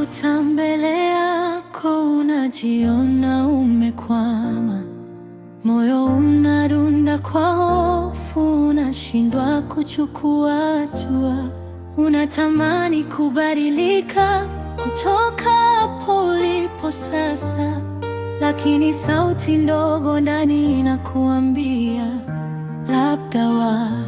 Ukikuta mbele yako unajiona umekwama, moyo unadunda kwa hofu, unashindwa kuchukua hatua, unatamani kubadilika kutoka hapo ulipo sasa, lakini sauti ndogo ndani inakuambia labda wa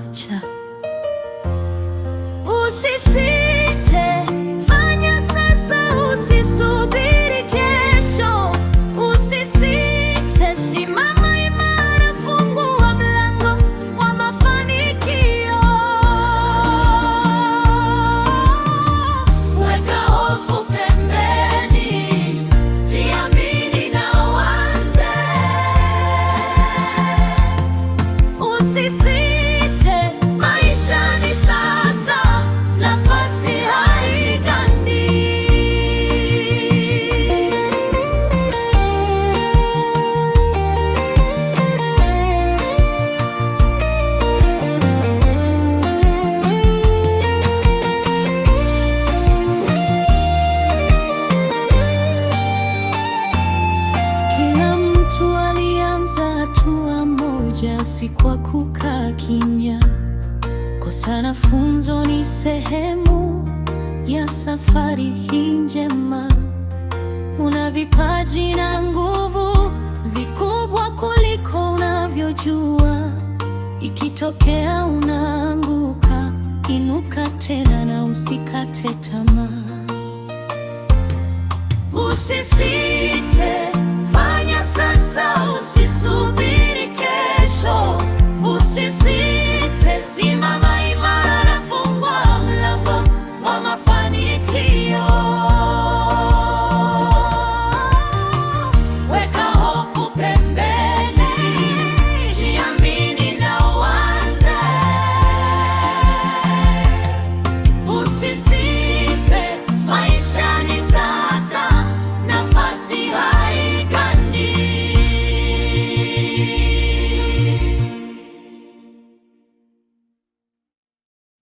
si kwa kukaa kimya. Kukosana funzo ni sehemu ya safari hii njema. Una vipaji na nguvu vikubwa kuliko unavyojua. Ikitokea unaanguka, inuka tena na usikate tamaa. Usisite.